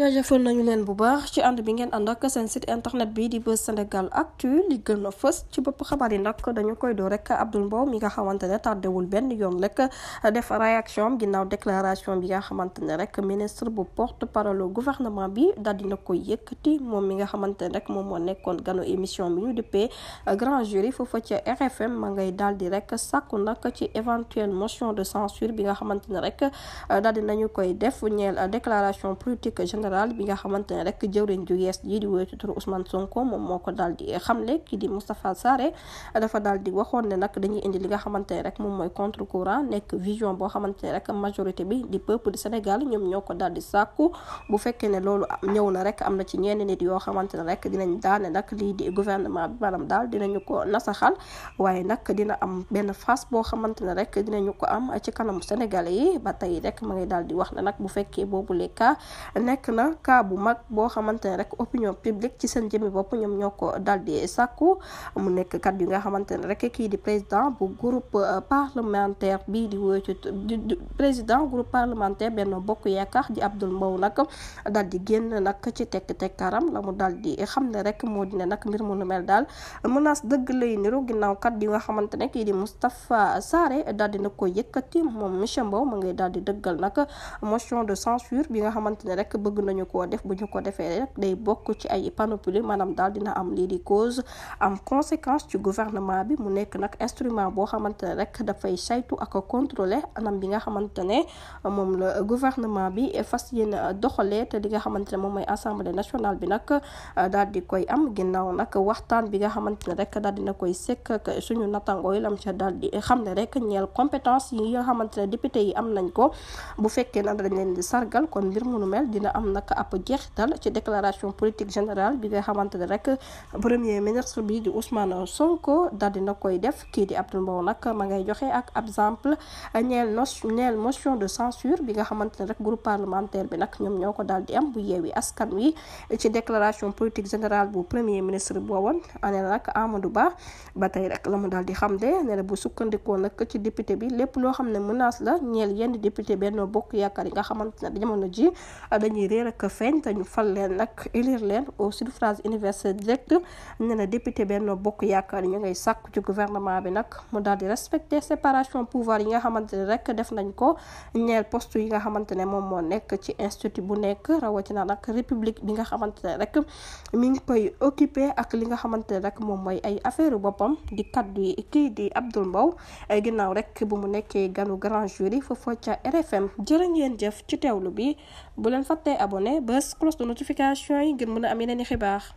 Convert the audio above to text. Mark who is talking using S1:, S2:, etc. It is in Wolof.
S1: jaajëfal nañu leen bu baax ci ànd bi ngeen ànd ak seen site internet bi di Buzz Sénégal Actu li gën a fës ci bopp xabaar yi nag dañu koy doo rek Abdoul Mbow mi nga xamante ne tardewul benn yoon rek def réaction am ginnaaw déclaration bi nga xamante ne rek ministre bu porte parole gouvernement bi daal dina ko yëkkati moom mi nga xamante ne rek moom moo nekkoon ganu émission bi ñu dippee grand jury foofa ci RFM ma ngay daal di rek sàkku nag ci éventuelle motion de censure bi nga xamante ne rek daal dinañu koy def ñeel déclaration politique électorale bi nga xamante ne rek jëwriñ ju yees ji di woy ci turu Ousmane Sonko moom moo ko daal di xamle ki di indi li nga xamante ne rek moom mooy contre courant nekk vision boo xamante ne rek majorité bi di peuple du Sénégal ñoom ñoo ko daal di sàkku bu fekkee ne loolu ñëw na rek am na ci ñenn nit yoo xamante ne rek dinañ daane nag lii di gouvernement bi maanaam daal dinañu ko nasaxal waaye nag dina am benn phase boo xamante ne rek dinañu ko am ci kanamu Sénégalais yi ba tey rek ma ngi daal di wax ne nag bu fekkee boobu les nekk na cas bu mag boo xamante ne rek opinion publique ci seen jëmmi bopp ñoom ñoo ko dal di sàkku mu nekk kat yu nga xamante ne rek kii di président bu groupe euh, parlementaire bii di wóo ci président groupe parlementaire Benno Bokk Yaakaar di Abdoul Mbow nag dal di génn nag ci tekk-tekkaram la mu dal di xam ne rek moo di ne nag mbir mu nu mel daal menace dëgg lay niru ginnaaw kat yu nga xamante ne kii di Moustapha Sarré daal di na ko yëkkati moom monsieur Mbow mu ngay daal di nañu koo def bu ñu ko defee rek day bokk ci ay panoplie maanaam daal dina am lii di cause am conséquence ci gouvernement bi mu nekk nag instrument boo xamante ne rek dafay saytu ak contrôler anam bi nga xamante ne moom la gouvernement bi fas yéen doxalee te li xamante ne moom mooy assemblée nationale bi nag daal di koy am ginnaaw nag waxtaan bi nga xamante ne rek daal dina koy sekk suñu nattangoo yi lam ca daal di xam ne rek ñeel compétence yi nga xamante ne député yi am nañ ko bu fekkee na dañ leen sargal kon mbir mu nu mel dina am nag nag ab jeexital ci déclaration politique générale bi nga xamante rek premier ministre bi di Ousmane Sonko daal dina koy def kii di Abdou Mbow nag ma ngay joxe ak exemple ñeel motion de censure bi nga xamante ne rek groupe parlementaire bi nag ñoom ñoo ko daal di am bu yeewi askan wi ci déclaration politique générale bu premier ministre boowoon a nag Amadou Ba ba tey rek la mu daal di xam de ne la bu sukkandikoo nag ci député bi lépp loo xam ne menace la ñeel yenn député Benno Bokk Yaakaar yi nga xamante ne Jokalante te ñu fal leen nag élire leen au suffrage universel direct nee na benn Benno Bokk Yaakaar ñu ngay sàkku ci gouvernement bi nag mu daal di respecter séparation pouvoir yi nga xamante ne rek def nañ ko ñeel post yi nga xamante ne moom moo nekk ci institut bu nekk rawatina nag république bi nga xamante ne rek mi ngi koy occupé ak li nga xamante ne rek moom mooy ay affaire boppam di kaddu yi kii di Abdoul Mbow ginnaaw rek bu mu nekkee ganu grand jury foofu ca RFM jërë ngeen jëf ci teewlu bi abonné bés cloche de notification yi ngir mën a am yeneen i xibaar